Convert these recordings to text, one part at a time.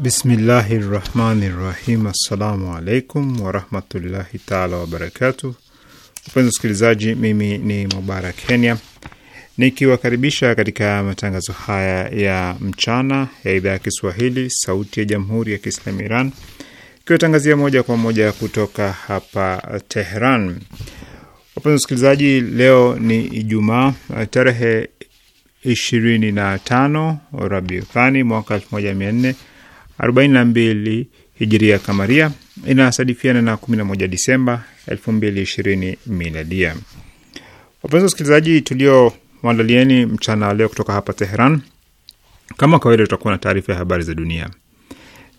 Bismillahi rahmani rahim. Assalamu alaikum warahmatullahi taala wabarakatuh. Wapenzi wasikilizaji, mimi ni Mubarak Kenya nikiwakaribisha katika matangazo haya ya mchana ya idhaa ya Kiswahili sauti ya jamhuri ya Kiislamu Iran ikiwatangazia moja kwa moja kutoka hapa Tehran. Wapenzi wasikilizaji, leo ni Ijumaa tarehe 25 Rabiuthani mwaka nne 42 hijiria kamaria inasadifiana na 11 Disemba 2020 miladia. Wapenzi wasikilizaji, tulio waandalieni mchana leo kutoka hapa Teheran, kama kawaida, tutakuwa na taarifa ya habari za dunia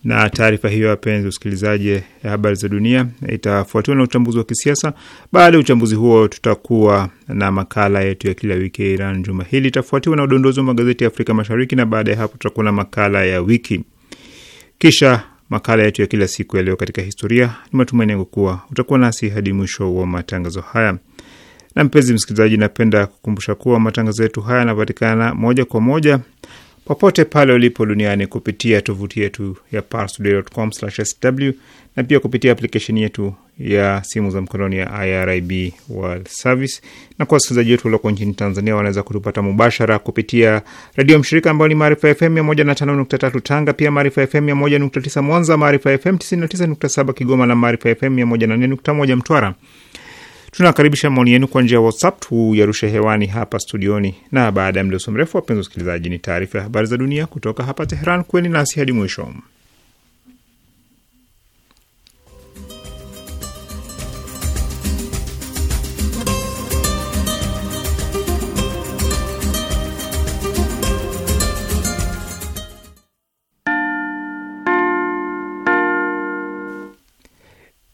na taarifa hiyo, wapenzi wasikilizaji, ya habari za dunia itafuatiwa na uchambuzi wa kisiasa. Baada ya uchambuzi huo, tutakuwa na makala yetu ya kila wiki ya Iran juma hili, itafuatiwa na udondozi wa magazeti ya Afrika Mashariki, na baada ya hapo tutakuwa na makala ya wiki kisha makala yetu ya kila siku yaliyo katika historia. Ni matumaini yangu kuwa utakuwa nasi hadi mwisho wa matangazo haya. Na mpenzi msikilizaji, napenda kukumbusha kuwa matangazo yetu haya yanapatikana moja kwa moja popote pale ulipo duniani kupitia tovuti yetu ya parstoday.com/sw na pia kupitia aplikesheni yetu ya simu za mkononi ya IRIB World Service. Na kwa wasikilizaji wetu walioko nchini Tanzania wanaweza kutupata mubashara kupitia redio mshirika ambayo ni Maarifa FM 105.3 Tanga, pia Maarifa FM 101.9 Mwanza, Maarifa FM 99.7 Kigoma na Maarifa FM 104.1 Mtwara. Tunakaribisha maoni yenu kwa njia ya WhatsApp tuyarushe hewani hapa studioni, na baada ya mdoso mrefu, wapenzi wasikilizaji, ni taarifa ya habari za dunia kutoka hapa teheran Kweni nasi hadi mwisho.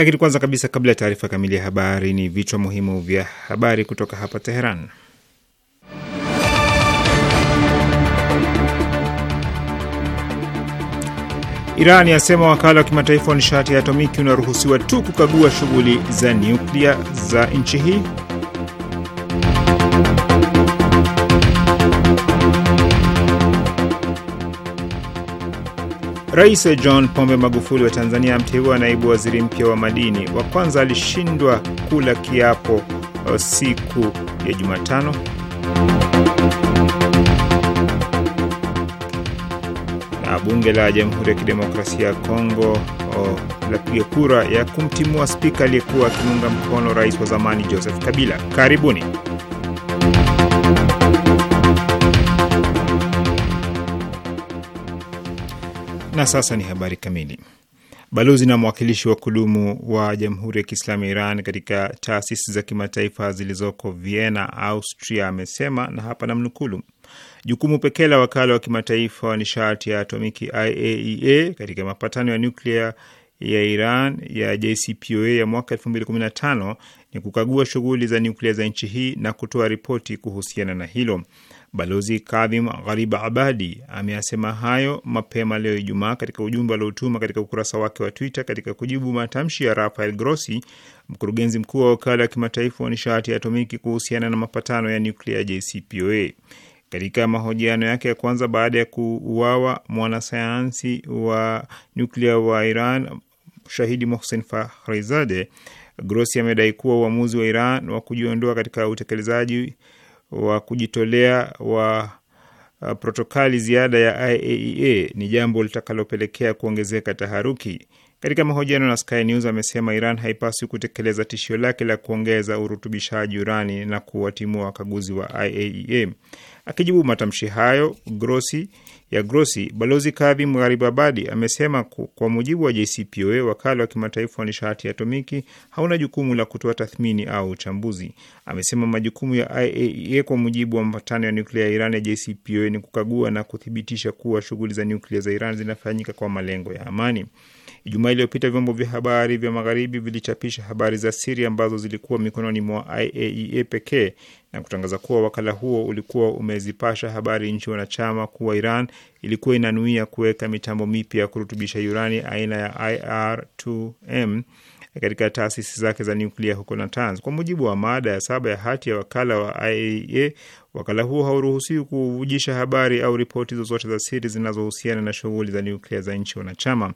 Lakini kwanza kabisa, kabla ya taarifa kamili ya habari, ni vichwa muhimu vya habari kutoka hapa Teheran. Iran yasema wakala wa kimataifa wa nishati ya atomiki unaruhusiwa tu kukagua shughuli za nyuklia za nchi hii. Rais John Pombe Magufuli wa Tanzania amteua naibu waziri mpya wa madini. Wa kwanza alishindwa kula kiapo uh, siku ya Jumatano. Na bunge la Jamhuri ya Kidemokrasia ya Kongo uh, lapiga kura ya kumtimua spika aliyekuwa akimuunga mkono rais wa zamani Joseph Kabila. Karibuni. Na sasa ni habari kamili. Balozi na mwakilishi wa kudumu wa Jamhuri ya Kiislamu ya Iran katika taasisi za kimataifa zilizoko Vienna, Austria, amesema na hapa namnukulu, jukumu pekee la wakala wa kimataifa wa nishati ya atomiki IAEA e katika mapatano ya nyuklia ya Iran ya JCPOA ya mwaka 2015 ni kukagua shughuli za nyuklia za nchi hii na kutoa ripoti kuhusiana na hilo. Balozi Kadhim Gharib Abadi ameyasema hayo mapema leo Ijumaa katika ujumbe aliotuma katika ukurasa wake wa Twitter katika kujibu matamshi ya Rafael Grossi, mkurugenzi mkuu wa wakala wa kimataifa wa nishati ya atomiki kuhusiana na mapatano ya nyuklia JCPOA. Katika mahojiano yake ya kwanza baada ya kuuawa mwanasayansi wa nyuklia wa Iran shahidi Mohsen fahrizade Grossi amedai kuwa uamuzi wa Iran wa kujiondoa katika utekelezaji wa kujitolea wa uh, protokali ziada ya IAEA e ni jambo litakalopelekea kuongezeka taharuki. Katika mahojiano na Sky News amesema Iran haipaswi kutekeleza tishio lake la kuongeza urutubishaji urani na kuwatimua wakaguzi wa IAEA. E Akijibu matamshi hayo grosi ya Grossi, balozi Kavi Mgharibabadi amesema kwa mujibu wa JCPOA, wakala wa kimataifa wa nishati ya atomiki hauna jukumu la kutoa tathmini au uchambuzi. Amesema majukumu ya IAEA e kwa mujibu wa mapatano ya nuklia ya Iran ya JCPOA ni kukagua na kuthibitisha kuwa shughuli za nyuklia za Iran zinafanyika kwa malengo ya amani. Ijumaa iliyopita vyombo vya habari vya magharibi vilichapisha habari za siri ambazo zilikuwa mikononi mwa IAEA e pekee na kutangaza kuwa wakala huo ulikuwa umezipasha habari nchi wanachama kuwa Iran ilikuwa inanuia kuweka mitambo mipya ya kurutubisha urani aina ya IR2M katika taasisi zake za nyuklia huko Natanz. Kwa mujibu wa maada ya saba ya hati ya wakala wa IAEA, e, wakala huo hauruhusiwi kuvujisha habari au ripoti zozote za siri zinazohusiana na shughuli za nyuklia za nchi wanachama.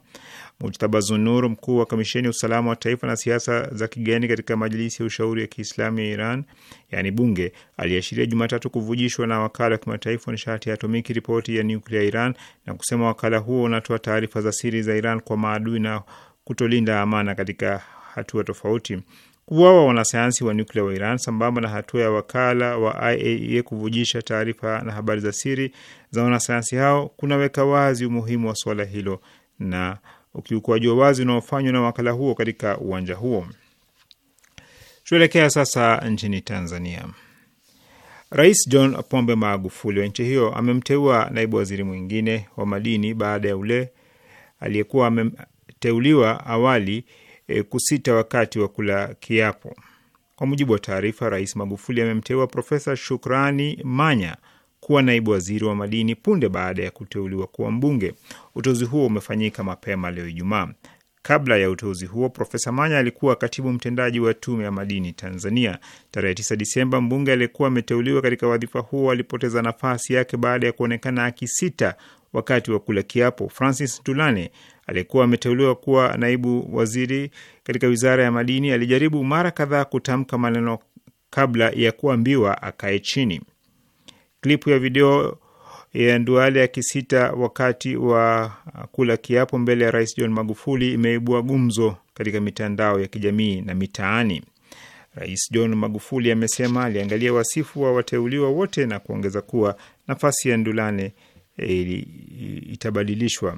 Mujtaba Zunur, mkuu wa kamisheni ya usalama wa taifa na siasa za kigeni katika Majilisi ya Ushauri ya Kiislamu ya Iran, yani bunge, aliashiria Jumatatu kuvujishwa na wakala wa kimataifa wa nishati ya atomiki ripoti ya nyuklia ya Iran na kusema wakala huo unatoa taarifa za siri za Iran kwa maadui na kutolinda amana katika hatua tofauti. Kuuawa wanasayansi wa nyuklia wa Iran sambamba na hatua ya wakala wa IAEA e kuvujisha taarifa na habari za siri za wanasayansi hao kunaweka wazi umuhimu wa suala hilo na ukiukuaji wa wazi unaofanywa na wakala huo katika uwanja huo. Tuelekea sasa nchini Tanzania. Rais John Pombe Magufuli wa nchi hiyo amemteua naibu waziri mwingine wa madini baada ya ule aliyekuwa aliteuliwa awali e, kusita wakati wa kula kiapo. Kwa mujibu wa taarifa, Rais Magufuli amemteua Profesa Shukrani Manya kuwa naibu waziri wa madini punde baada ya kuteuliwa kuwa mbunge. Uteuzi huo umefanyika mapema leo Ijumaa. Kabla ya uteuzi huo, Profesa Manya alikuwa katibu mtendaji wa Tume ya Madini Tanzania. Tarehe 9 Disemba, mbunge aliyekuwa ameteuliwa katika wadhifa huo alipoteza nafasi yake baada ya kuonekana akisita wakati wa kula kiapo. Francis Tulane aliyekuwa ameteuliwa kuwa naibu waziri katika wizara ya madini alijaribu mara kadhaa kutamka maneno kabla ya kuambiwa akae chini. Klipu ya video ya Nduale akisita wakati wa kula kiapo mbele ya Rais John Magufuli imeibua gumzo katika mitandao ya kijamii na mitaani. Rais John Magufuli amesema aliangalia wasifu wa wateuliwa wote na kuongeza kuwa nafasi ya Ndulane itabadilishwa.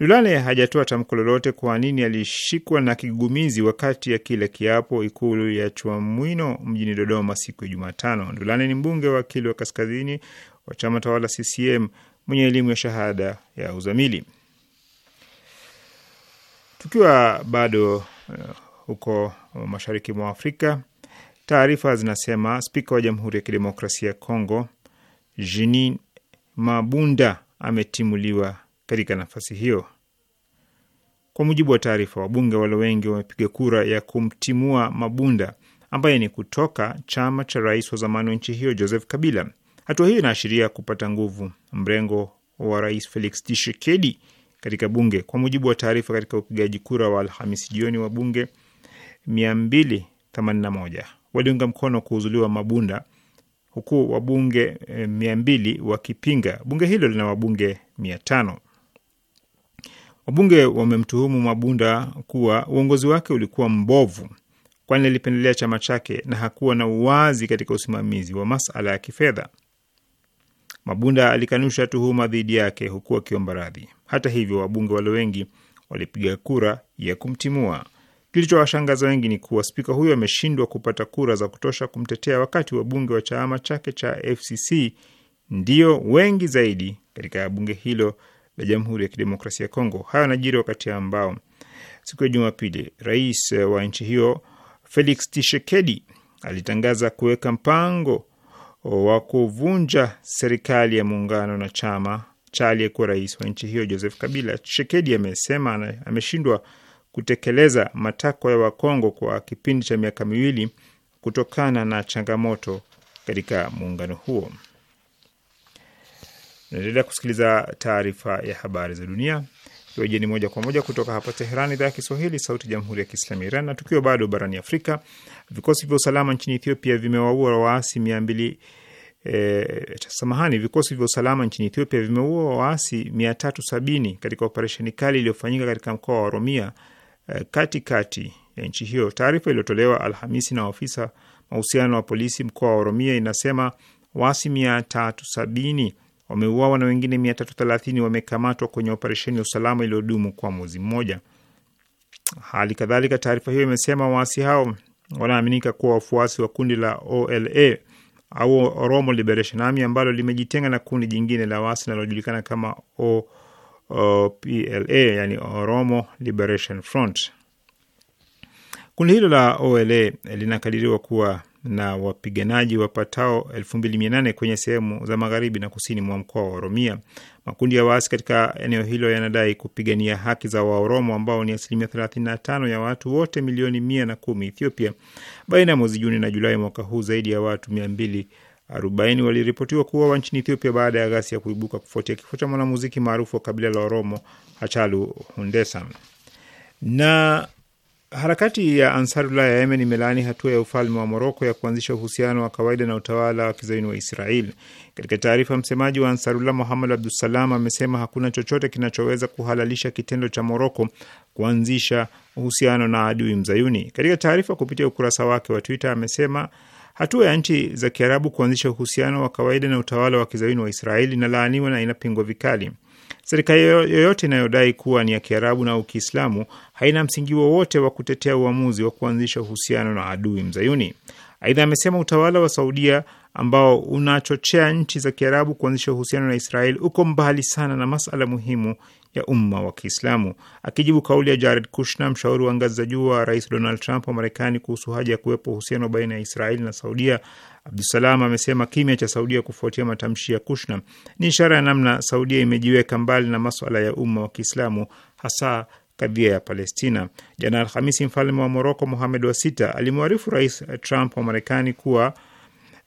Nulale hajatoa tamko lolote kwa nini alishikwa na kigugumizi wakati ya kile kiapo Ikulu ya Chamwino mjini Dodoma siku ya Jumatano. Nulale ni mbunge wakili wa kaskazini wa chama tawala CCM mwenye elimu ya shahada ya uzamili. Tukiwa bado uh, huko mashariki mwa Afrika, taarifa zinasema spika wa Jamhuri ya Kidemokrasia ya Kongo Jeanine Mabunda ametimuliwa katika nafasi hiyo. Kwa mujibu wa taarifa, wabunge walio wengi wamepiga kura ya kumtimua Mabunda ambaye ni kutoka chama cha rais wa zamani wa nchi hiyo Joseph Kabila. Hatua hiyo inaashiria kupata nguvu mrengo wa rais Felix Tshisekedi katika bunge. Kwa mujibu wa taarifa, katika upigaji kura wa Alhamisi jioni, wa bunge 281 waliunga mkono kuuzuliwa Mabunda, huku wabunge 200 eh, wakipinga. Bunge hilo lina wabunge 500. Wabunge wamemtuhumu Mabunda kuwa uongozi wake ulikuwa mbovu, kwani alipendelea chama chake na hakuwa na uwazi katika usimamizi wa masala ya kifedha. Mabunda alikanusha tuhuma dhidi yake huku akiomba radhi. Hata hivyo, wabunge wale wengi walipiga kura ya kumtimua. Kilichowashangaza wengi ni kuwa spika huyo ameshindwa kupata kura za kutosha kumtetea, wakati wabunge wa chama chake cha FCC ndio wengi zaidi katika bunge hilo la Jamhuri ya Kidemokrasia ya Kongo. Hayo yanajiri wakati ambao siku ya Jumapili rais wa nchi hiyo Felix Tshisekedi alitangaza kuweka mpango wa kuvunja serikali ya muungano na chama cha aliyekuwa rais wa nchi hiyo Joseph Kabila. Tshisekedi amesema ameshindwa kutekeleza matakwa ya Wakongo kwa kipindi cha miaka miwili kutokana na changamoto katika muungano huo naendelea kusikiliza taarifa ya habari za dunia ikiwa moja kwa moja kutoka hapa Teheran, idhaa ya Kiswahili, sauti ya jamhuri ya kiislami ya Iran. Na tukiwa bado barani Afrika, vikosi vya usalama nchini Ethiopia vimewaua waasi mia mbili E, samahani, vikosi vya usalama nchini Ethiopia vimeua waasi sabini katika operesheni kali iliyofanyika katika mkoa wa Oromia e, katikati ya nchi hiyo. Taarifa iliyotolewa Alhamisi na ofisa mahusiano wa polisi mkoa wa Oromia inasema waasi mia sabini wameuawa na wengine 330 wamekamatwa kwenye operesheni ya usalama iliyodumu kwa mwezi mmoja. Hali kadhalika, taarifa hiyo imesema waasi hao wanaaminika kuwa wafuasi wa kundi la OLA au Oromo Liberation Army ambalo limejitenga na kundi jingine la waasi linalojulikana kama OPLA, yani Oromo Liberation Front. Kundi hilo la OLA linakadiriwa kuwa na wapiganaji wapatao 2800 kwenye sehemu za magharibi na kusini mwa mkoa wa Oromia. Makundi ya waasi katika eneo hilo yanadai kupigania haki za Waoromo ambao ni asilimia 35 ya watu wote milioni mia na kumi Ethiopia. Baina ya mwezi Juni na Julai mwaka huu zaidi ya watu 240 waliripotiwa kuuawa nchini Ethiopia baada ya ghasia ya kuibuka kufuatia kifo cha mwanamuziki maarufu wa kabila la Oromo Hachalu Hundessa na Harakati ya Ansarullah ya Yemen imelaani hatua ya ufalme wa Moroko ya kuanzisha uhusiano wa kawaida na utawala wa kizaini wa Israeli. Katika taarifa, msemaji wa Ansarullah Muhammad Abdusalam amesema hakuna chochote kinachoweza kuhalalisha kitendo cha Moroko kuanzisha uhusiano na adui mzayuni. Katika taarifa kupitia ukurasa wake wa Twitter amesema hatua ya nchi za Kiarabu kuanzisha uhusiano wa kawaida na utawala wa kizaini wa Israeli inalaaniwa na inapingwa vikali. Serikali yoyote inayodai kuwa ni ya Kiarabu na Kiislamu haina msingi wowote wa kutetea uamuzi wa kuanzisha uhusiano na adui mzayuni. Aidha, amesema utawala wa Saudia ambao unachochea nchi za Kiarabu kuanzisha uhusiano na Israel uko mbali sana na masala muhimu ya umma wa Kiislamu. Akijibu kauli ya Jared Kushner, mshauri wa ngazi za juu wa rais Donald Trump wa Marekani kuhusu haja ya kuwepo uhusiano baina ya Israeli na Saudia, Abdusalam amesema kimya cha Saudia kufuatia matamshi ya Kushner ni ishara ya namna Saudia imejiweka mbali na maswala ya umma wa Kiislamu, hasa kadhia ya Palestina. Jana Alhamisi, mfalme wa Moroko Mohamed wa Sita alimwarifu rais Trump wa Marekani kuwa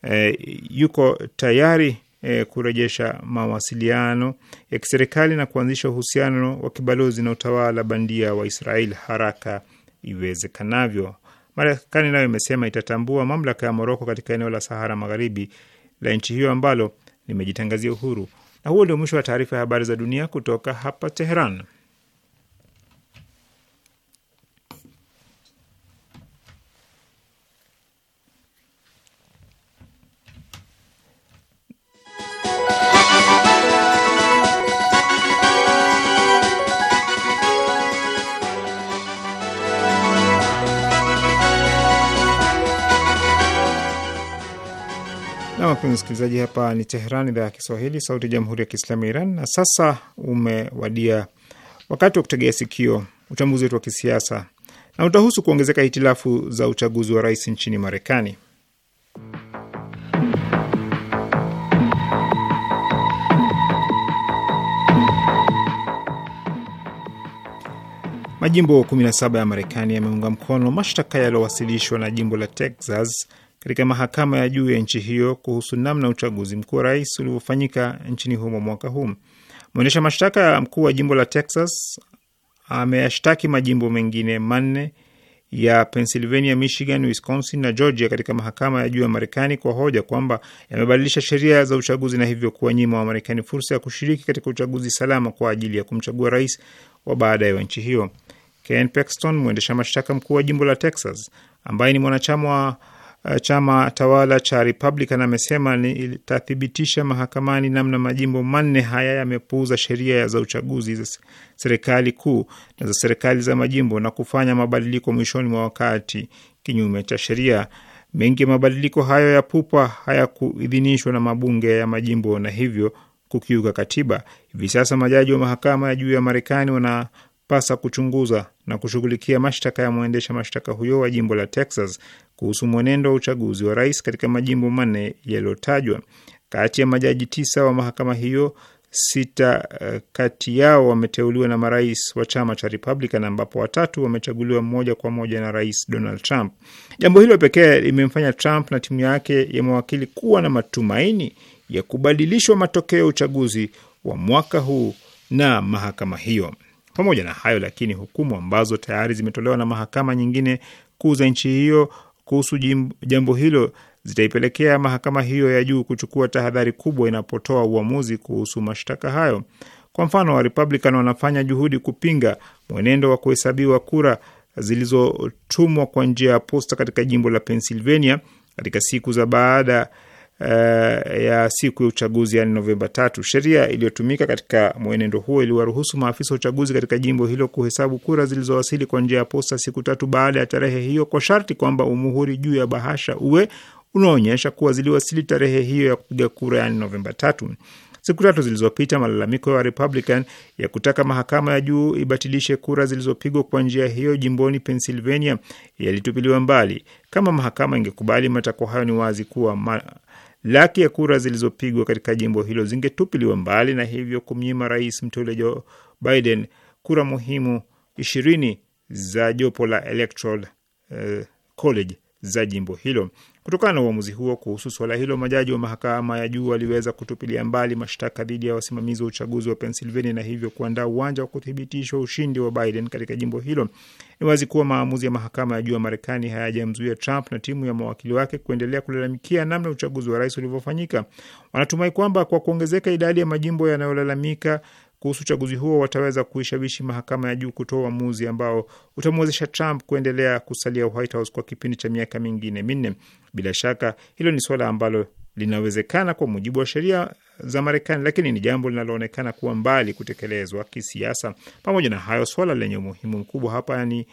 eh, yuko tayari e, kurejesha mawasiliano ya kiserikali na kuanzisha uhusiano wa kibalozi na utawala bandia wa Israel haraka iwezekanavyo. Marekani nayo imesema itatambua mamlaka ya Moroko katika eneo la Sahara Magharibi la nchi hiyo ambalo limejitangazia uhuru. Na huo ndio mwisho wa taarifa ya habari za dunia kutoka hapa Teheran. wapenzi msikilizaji, hapa ni Teheran, idhaa ya Kiswahili, sauti ya jamhuri ya kiislamu ya Iran. Na sasa umewadia wakati wa kutegea sikio uchambuzi wetu wa kisiasa, na utahusu kuongezeka hitilafu za uchaguzi wa rais nchini Marekani. Majimbo 17 ya Marekani yameunga mkono mashtaka yaliyowasilishwa na jimbo la Texas katika mahakama ya juu ya nchi hiyo kuhusu namna uchaguzi mkuu wa rais ulivyofanyika nchini humo mwaka huu. Mwendesha mashtaka mkuu wa jimbo la Texas ameyashtaki majimbo mengine manne ya Pennsylvania, Michigan, Wisconsin na Georgia katika mahakama ya juu ya Marekani kwa hoja kwamba yamebadilisha sheria za uchaguzi na hivyo kuwanyima wa Marekani fursa ya kushiriki katika uchaguzi salama kwa ajili ya kumchagua rais wa baadaye wa nchi hiyo. Ken Paxton, mwendesha mashtaka mkuu wa jimbo la Texas ambaye ni mwanachama wa Eh, chama tawala cha Republican amesema itathibitisha mahakamani namna majimbo manne haya yamepuuza sheria za uchaguzi za serikali kuu na za serikali za majimbo na kufanya mabadiliko mwishoni mwa wakati kinyume cha sheria. Mengi ya mabadiliko hayo ya pupa hayakuidhinishwa na mabunge ya majimbo na hivyo kukiuka katiba. Hivi sasa majaji wa mahakama ya juu ya Marekani wana inapasa kuchunguza na kushughulikia mashtaka ya mwendesha mashtaka huyo wa jimbo la Texas kuhusu mwenendo wa uchaguzi wa rais katika majimbo manne yaliyotajwa. Kati ya majaji tisa wa mahakama hiyo, sita uh, kati yao wameteuliwa na marais wa chama cha Republican, ambapo watatu wamechaguliwa moja kwa moja na Rais Donald Trump. Jambo hilo pekee limemfanya Trump na timu yake ya mawakili kuwa na matumaini ya kubadilishwa matokeo ya uchaguzi wa mwaka huu na mahakama hiyo. Pamoja na hayo lakini, hukumu ambazo tayari zimetolewa na mahakama nyingine kuu za nchi hiyo kuhusu jambo hilo zitaipelekea mahakama hiyo ya juu kuchukua tahadhari kubwa inapotoa uamuzi kuhusu mashtaka hayo. Kwa mfano, Warepublican wanafanya juhudi kupinga mwenendo wa kuhesabiwa kura zilizotumwa kwa njia ya posta katika jimbo la Pennsylvania katika siku za baada Eh, ya siku ya uchaguzi yani Novemba tatu. Sheria iliyotumika katika mwenendo huo iliwaruhusu maafisa wa uchaguzi katika jimbo hilo kuhesabu kura zilizowasili kwa njia ya posta siku tatu baada ya tarehe hiyo, kwa sharti kwamba umuhuri juu ya bahasha uwe unaonyesha kuwa ziliwasili tarehe hiyo ya kupiga kura, yani Novemba tatu. Siku tatu zilizopita malalamiko ya Republican ya kutaka mahakama ya juu ibatilishe kura zilizopigwa kwa njia hiyo jimboni Pennsylvania yalitupiliwa mbali. Kama mahakama ingekubali matakwa hayo, ni wazi kuwa ma laki ya kura zilizopigwa katika jimbo hilo zingetupiliwa mbali na hivyo kumnyima rais mteule Joe Biden kura muhimu ishirini za jopo la Electoral uh, College za jimbo hilo. Kutokana na uamuzi huo kuhusu suala hilo, majaji wa mahakama ya juu waliweza kutupilia mbali mashtaka dhidi ya wasimamizi wa uchaguzi wa Pennsylvania na hivyo kuandaa uwanja wa kuthibitishwa ushindi wa Biden katika jimbo hilo. Ni wazi kuwa maamuzi ya mahakama ya juu ya Marekani hayajamzuia Trump na timu ya mawakili wake kuendelea kulalamikia namna uchaguzi wa rais ulivyofanyika. Wanatumai kwamba kwa kuongezeka idadi ya majimbo yanayolalamika kuhusu uchaguzi huo wataweza kuishawishi mahakama ya juu kutoa uamuzi ambao utamwezesha Trump kuendelea kusalia White House kwa kipindi cha miaka mingine minne. Bila shaka hilo ni suala ambalo linawezekana kwa mujibu wa sheria za Marekani, lakini ni jambo linaloonekana kuwa mbali kutekelezwa kisiasa. Pamoja na hayo, suala lenye umuhimu mkubwa hapa ni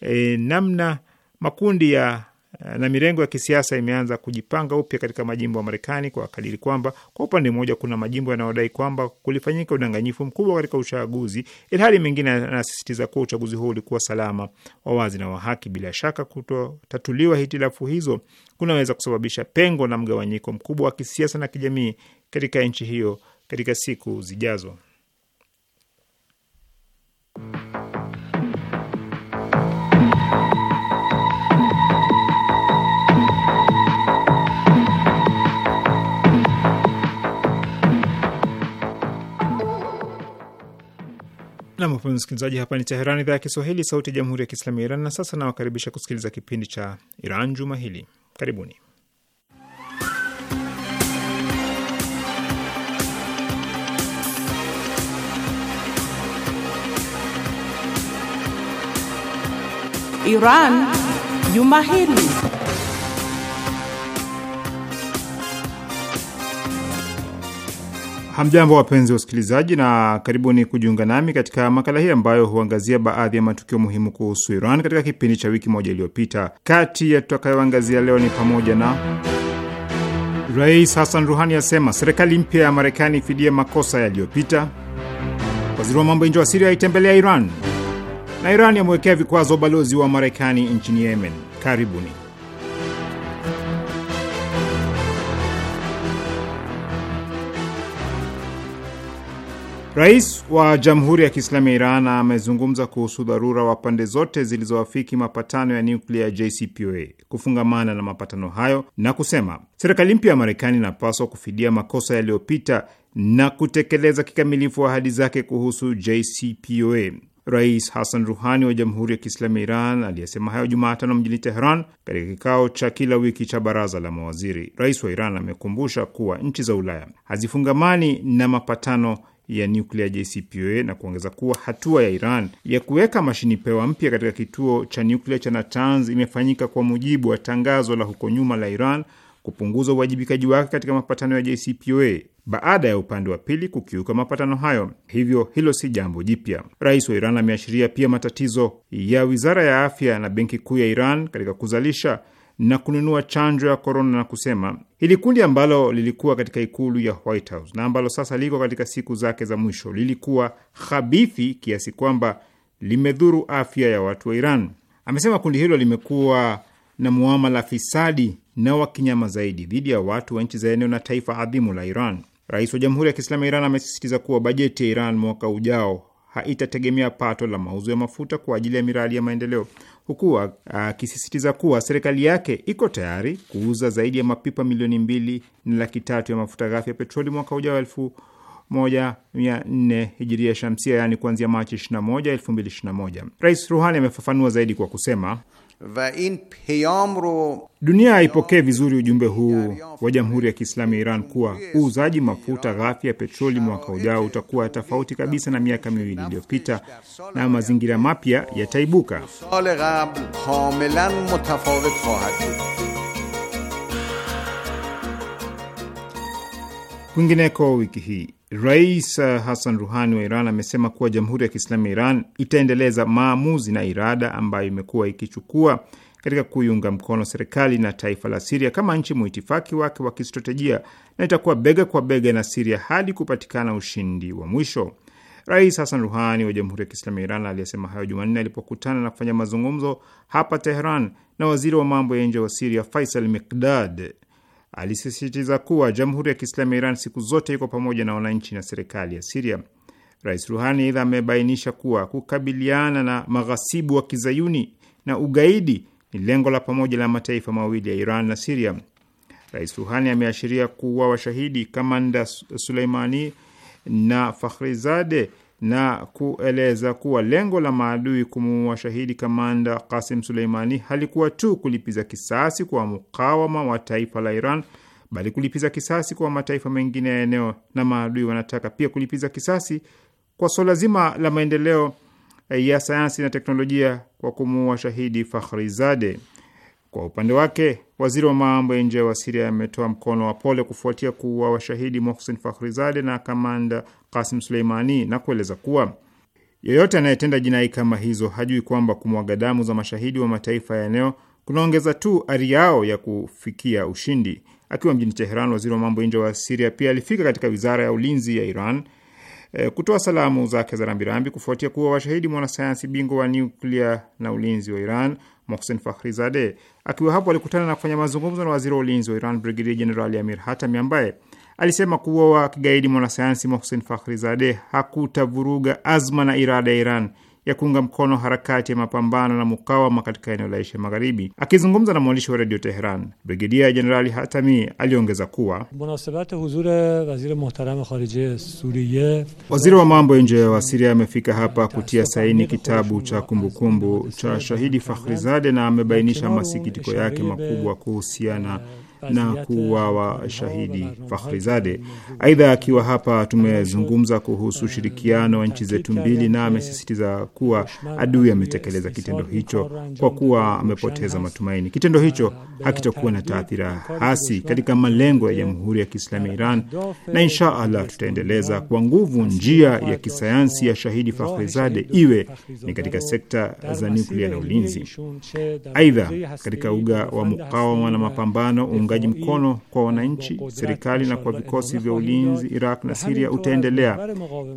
e, namna makundi ya Eh, na mirengo ya kisiasa imeanza kujipanga upya katika majimbo ya Marekani kwa kadiri kwamba kwa upande mmoja kuna majimbo yanayodai kwamba kulifanyika udanganyifu mkubwa katika uchaguzi, ilhali mengine yanasisitiza kuwa uchaguzi huo ulikuwa salama, wa wazi na wa haki. Bila shaka, kutotatuliwa hitilafu hizo kunaweza kusababisha pengo na mgawanyiko mkubwa wa kisiasa na kijamii katika nchi hiyo katika siku zijazo. Nam wapenzi msikilizaji, hapa ni Teheran, idhaa ya Kiswahili, sauti ya jamhuri ya kiislamu ya Iran. Na sasa nawakaribisha kusikiliza kipindi cha Iran juma hili. Karibuni. Iran juma hili. Hamjambo, wapenzi wa usikilizaji, na karibuni kujiunga nami katika makala hii ambayo huangazia baadhi ya matukio muhimu kuhusu Iran katika kipindi cha wiki moja iliyopita. Kati ya tutakayoangazia leo ni pamoja na Rais Hassan Ruhani asema serikali mpya ya Marekani ifidie makosa yaliyopita, waziri wa mambo ya nje wa Siria aitembelea Iran na Iran yamewekea vikwazo balozi wa Marekani nchini Yemen. Karibuni. Rais wa Jamhuri ya Kiislamu ya Iran amezungumza kuhusu dharura wa pande zote zilizoafiki mapatano ya nyuklia JCPOA kufungamana na mapatano hayo na kusema serikali mpya ya Marekani inapaswa kufidia makosa yaliyopita na kutekeleza kikamilifu ahadi zake kuhusu JCPOA. Rais Hassan Ruhani wa Jamhuri ya Kiislamu ya Iran aliyesema hayo Jumatano mjini Teheran katika kikao cha kila wiki cha baraza la mawaziri. Rais wa Iran amekumbusha kuwa nchi za Ulaya hazifungamani na mapatano ya nyuklia JCPOA na kuongeza kuwa hatua ya Iran ya kuweka mashini pewa mpya katika kituo cha nuklia cha Natanz imefanyika kwa mujibu wa tangazo la huko nyuma la Iran kupunguza uwajibikaji wake katika mapatano ya JCPOA baada ya upande wa pili kukiuka mapatano hayo. Hivyo hilo si jambo jipya. Rais wa Iran ameashiria pia matatizo ya wizara ya afya na benki kuu ya Iran katika kuzalisha na kununua chanjo ya korona na kusema hili kundi ambalo lilikuwa katika ikulu ya White House na ambalo sasa liko katika siku zake za mwisho lilikuwa habithi kiasi kwamba limedhuru afya ya watu wa Iran. Amesema kundi hilo limekuwa na muamala fisadi na wa kinyama zaidi dhidi ya watu wa nchi za eneo na taifa adhimu la Iran. Rais wa Jamhuri ya Kiislamu ya Iran amesisitiza kuwa bajeti ya Iran mwaka ujao haitategemea pato la mauzo ya mafuta kwa ajili ya miradi ya maendeleo huku akisisitiza kuwa serikali yake iko tayari kuuza zaidi ya mapipa milioni mbili na laki tatu ya mafuta ghafi ya petroli mwaka ujao elfu moja mia nne hijiria shamsia, yaani kuanzia Machi 21, 2021. Rais Ruhani amefafanua zaidi kwa kusema Dunia haipokee vizuri ujumbe huu wa Jamhuri ya Kiislamu ya Iran kuwa uuzaji mafuta ghafi ya petroli mwaka ujao utakuwa tofauti kabisa na miaka miwili iliyopita na mazingira mapya yataibuka. Kwingineko wiki hii Rais uh, Hassan Ruhani wa Iran amesema kuwa Jamhuri ya Kiislamu ya Iran itaendeleza maamuzi na irada ambayo imekuwa ikichukua katika kuiunga mkono serikali na taifa la Siria kama nchi mwitifaki wake wa kistratejia na itakuwa bega kwa bega na Siria hadi kupatikana ushindi wa mwisho. Rais Hassan Ruhani wa Jamhuri ya Kiislamu ya Iran aliyesema hayo Jumanne alipokutana na kufanya mazungumzo hapa Teheran na waziri wa mambo ya nje wa Siria Faisal Mikdad alisisitiza kuwa Jamhuri ya Kiislamu ya Iran siku zote iko pamoja na wananchi na serikali ya Siria. Rais Ruhani aidha amebainisha kuwa kukabiliana na maghasibu wa kizayuni na ugaidi ni lengo la pamoja la mataifa mawili ya Iran na Siria. Rais Ruhani ameashiria kuwa washahidi kamanda Suleimani na Fakhrizade na kueleza kuwa lengo la maadui kumuua shahidi kamanda Kasim Suleimani halikuwa tu kulipiza kisasi kwa mukawama wa taifa la Iran bali kulipiza kisasi kwa mataifa mengine ya eneo, na maadui wanataka pia kulipiza kisasi kwa swala zima la maendeleo ya sayansi na teknolojia kwa kumuua shahidi Fakhrizade. Kwa upande wake waziri wa mambo ya nje wa Siria ametoa mkono wa pole kufuatia kuua washahidi Mohsen Fakhrizade na kamanda Kasim Suleimani na kueleza kuwa yeyote anayetenda jinai kama hizo hajui kwamba kumwaga damu za mashahidi wa mataifa ya eneo kunaongeza tu ari yao ya kufikia ushindi. Akiwa mjini Teheran, waziri wa mambo ya nje wa Siria pia alifika katika wizara ya ulinzi ya Iran e, kutoa salamu zake za rambirambi kufuatia kuwa washahidi mwanasayansi bingwa wa nyuklia na ulinzi wa Iran Mohsen zade Akiwa hapo alikutana na kufanya mazungumzo na waziri wa ulinzi wa Iran Brigedia Jenerali Amir Hatami ambaye alisema kuwa wa kigaidi mwanasayansi Mohsen zade hakutavuruga azma na irada ya Iran ya kuunga mkono harakati ya mapambano na mukawama katika eneo la Asia Magharibi. Akizungumza na mwandishi wa redio Teheran, Brigedia Jenerali Hatami aliongeza kuwa e waziri wa mambo ya nje wa Siria amefika hapa kutia saini kitabu cha kumbukumbu cha shahidi Fakhrizade na amebainisha masikitiko yake makubwa kuhusiana na kuuawa shahidi Fakhrizade. Aidha, akiwa hapa tumezungumza kuhusu eh, ushirikiano wa nchi zetu mbili, na amesisitiza kuwa adui ametekeleza kitendo hicho kwa kuwa amepoteza matumaini. Kitendo hicho hakitakuwa na taathira hasi katika malengo ya eh, Jamhuri ya Kiislamu ya eh, Iran, na insha Allah tutaendeleza kwa nguvu njia ya kisayansi ya shahidi Fakhrizade, iwe ni katika sekta za nuklia na ulinzi. Aidha, katika uga wa mukawama na mapambano uungaji mkono kwa wananchi, serikali na kwa vikosi vya ulinzi Iraq na Siria utaendelea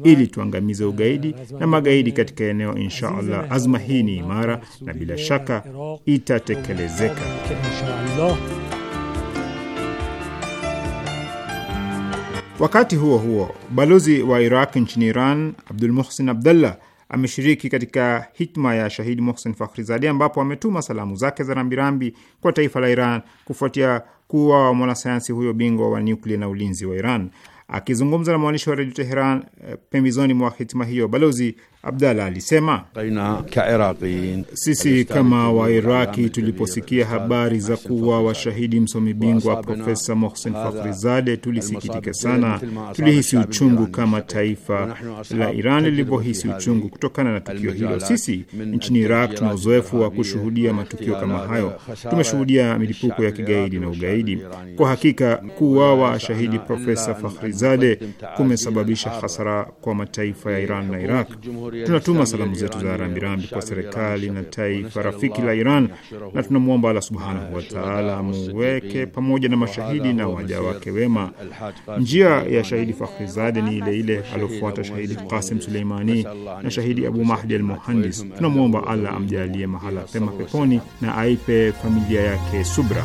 ili tuangamize ugaidi na magaidi katika eneo insha Allah. Azma hii ni imara na bila shaka itatekelezeka. Wakati huo huo, balozi wa Iraq nchini Iran Abdul Muhsin Abdallah ameshiriki katika hitma ya shahidi Mohsen Fakhrizadeh ambapo ametuma salamu zake za rambirambi kwa taifa la Iran kufuatia kuwa mwanasayansi huyo bingwa wa nyuklia na ulinzi wa Iran. Akizungumza na mwandishi wa redio Teheran eh, pembezoni mwa hitima hiyo, balozi Abdala alisema sisi kama Wairaki tuliposikia habari za kuwa washahidi msomi bingwa Profesa Mohsen Fakhrizade tulisikitika sana. Tulihisi uchungu kama taifa la Iran lilivyohisi uchungu kutokana na tukio hilo. Sisi nchini Iraq tuna uzoefu wa kushuhudia matukio kama hayo. Tumeshuhudia milipuko ya kigaidi na ugaidi. Kwa hakika kuwa shahidi Profesa Fakhrizade Khalilzade kumesababisha hasara kwa mataifa ya Iran na Iraq. Tunatuma salamu zetu za rambirambi kwa serikali na taifa rafiki la Iran na tunamwomba Allah subhanahu wataala amuweke pamoja na mashahidi na waja wake wema. Njia ya shahidi Fakhrizade ni ile ile aliofuata shahidi Qasim Suleimani na shahidi Abu Mahdi al Muhandis. Tunamwomba Allah amjalie mahala pema peponi na aipe familia yake subra.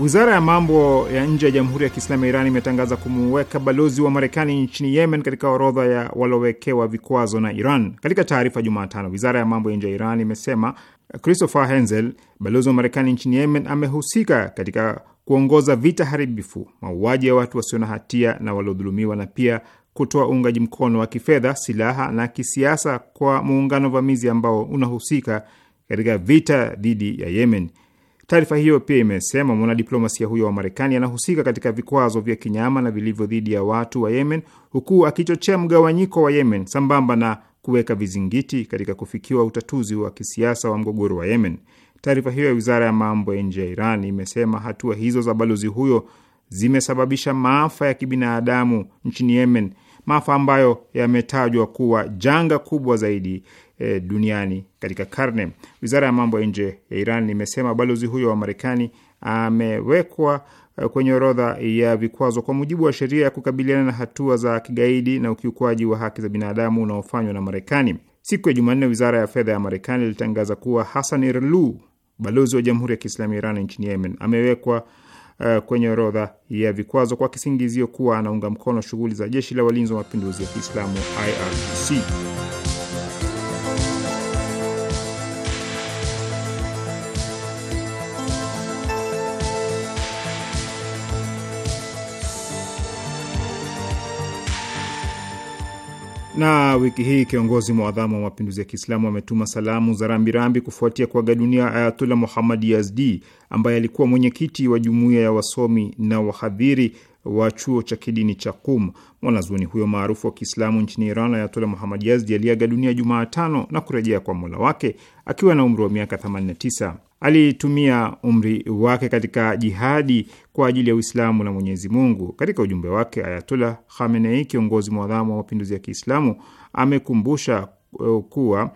Wizara ya mambo ya nje ya Jamhuri ya Kiislamu ya Iran imetangaza kumuweka balozi wa Marekani nchini Yemen katika orodha ya waliowekewa vikwazo na Iran. Katika taarifa Jumatano, wizara ya mambo ya nje ya Iran imesema Christopher Henzel, balozi wa Marekani nchini Yemen, amehusika katika kuongoza vita haribifu, mauaji ya watu wasio na hatia na waliodhulumiwa, na pia kutoa uungaji mkono wa kifedha, silaha na kisiasa kwa muungano vamizi ambao unahusika katika vita dhidi ya Yemen. Taarifa hiyo pia imesema mwanadiplomasia huyo wa Marekani anahusika katika vikwazo vya kinyama na vilivyo dhidi ya watu wa Yemen, huku akichochea mgawanyiko wa Yemen sambamba na kuweka vizingiti katika kufikiwa utatuzi wa kisiasa wa mgogoro wa Yemen. Taarifa hiyo ya wizara ya mambo ya nje ya Iran imesema hatua hizo za balozi huyo zimesababisha maafa ya kibinadamu nchini Yemen, maafa ambayo yametajwa kuwa janga kubwa zaidi e, duniani katika karne. Wizara ya mambo ya nje ya Iran imesema balozi huyo wa Marekani amewekwa e, kwenye orodha ya vikwazo kwa mujibu wa sheria ya kukabiliana na hatua za kigaidi na ukiukwaji wa haki za binadamu unaofanywa na Marekani. Siku ya Jumanne, wizara ya fedha ya Marekani ilitangaza kuwa Hassan Irlou, balozi wa Jamhuri ya Kiislamu ya Iran nchini Yemen, amewekwa uh, kwenye orodha ya vikwazo kwa kisingizio kuwa anaunga mkono shughuli za jeshi la walinzi wa mapinduzi ya Kiislamu IRGC. Na wiki hii kiongozi mwadhamu wa mapinduzi ya Kiislamu ametuma salamu za rambirambi kufuatia kuaga dunia Ayatullah Muhammad Yazdi ambaye alikuwa mwenyekiti wa jumuiya ya wasomi na wahadhiri wa chuo cha kidini cha Qum. Mwanazuoni huyo maarufu wa Kiislamu nchini Iran, Ayatola Muhammad Yazdi aliaga dunia jumaatano na kurejea kwa Mola wake akiwa na umri wa miaka 89. Alitumia umri wake katika jihadi kwa ajili ya Uislamu na Mwenyezi Mungu. Katika ujumbe wake, Ayatola Khamenei, kiongozi mwadhamu wa mapinduzi ya Kiislamu, amekumbusha uh, kuwa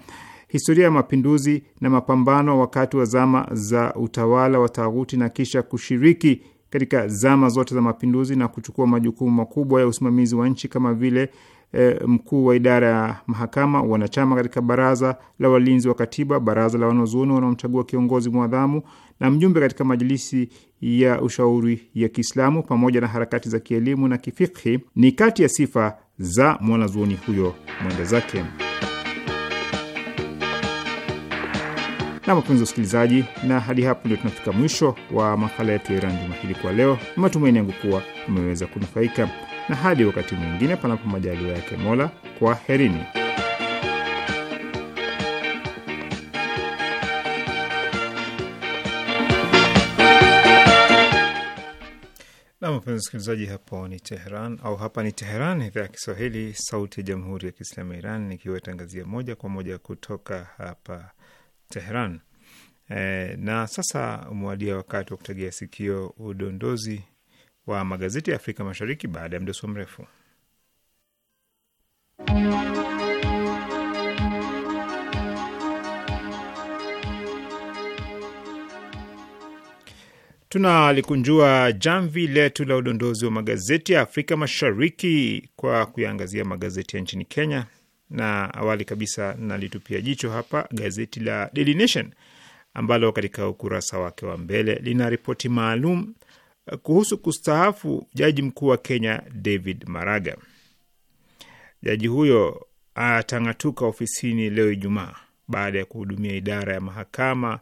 historia ya mapinduzi na mapambano wakati wa zama za utawala wa taghuti na kisha kushiriki katika zama zote za mapinduzi na kuchukua majukumu makubwa ya usimamizi wa nchi kama vile e, mkuu wa idara ya mahakama, wanachama katika baraza la walinzi wa katiba, baraza la wanazuoni wanaomchagua kiongozi mwadhamu na mjumbe katika majilisi ya ushauri ya Kiislamu, pamoja na harakati za kielimu na kifikhi, ni kati ya sifa za mwanazuoni huyo mwenda zake. Na wapenzi wasikilizaji, na hadi hapo ndio tunafika mwisho wa makala yetu ya Iran juma hili kwa leo. Ni matumaini yangu kuwa umeweza kunufaika, na hadi wakati mwingine, panapo majaliwa yake Mola, kwa herini. Mpenzi msikilizaji, hapo ni Teheran au hapa ni Teheran, idhaa ya Kiswahili, sauti ya jamhuri ya kiislamu ya Iran, ikiwatangazia moja kwa moja kutoka hapa Teheran. E, na sasa umewadia wakati wa kutegea sikio udondozi wa magazeti ya Afrika Mashariki baada ya mdoso mrefu. Tunalikunjua jamvi letu la udondozi wa magazeti ya Afrika Mashariki kwa kuyaangazia magazeti ya nchini Kenya na awali kabisa nalitupia jicho hapa gazeti la Daily Nation ambalo katika ukurasa wake wa mbele lina ripoti maalum kuhusu kustaafu jaji mkuu wa Kenya David Maraga. Jaji huyo atang'atuka ofisini leo Ijumaa baada ya kuhudumia idara ya mahakama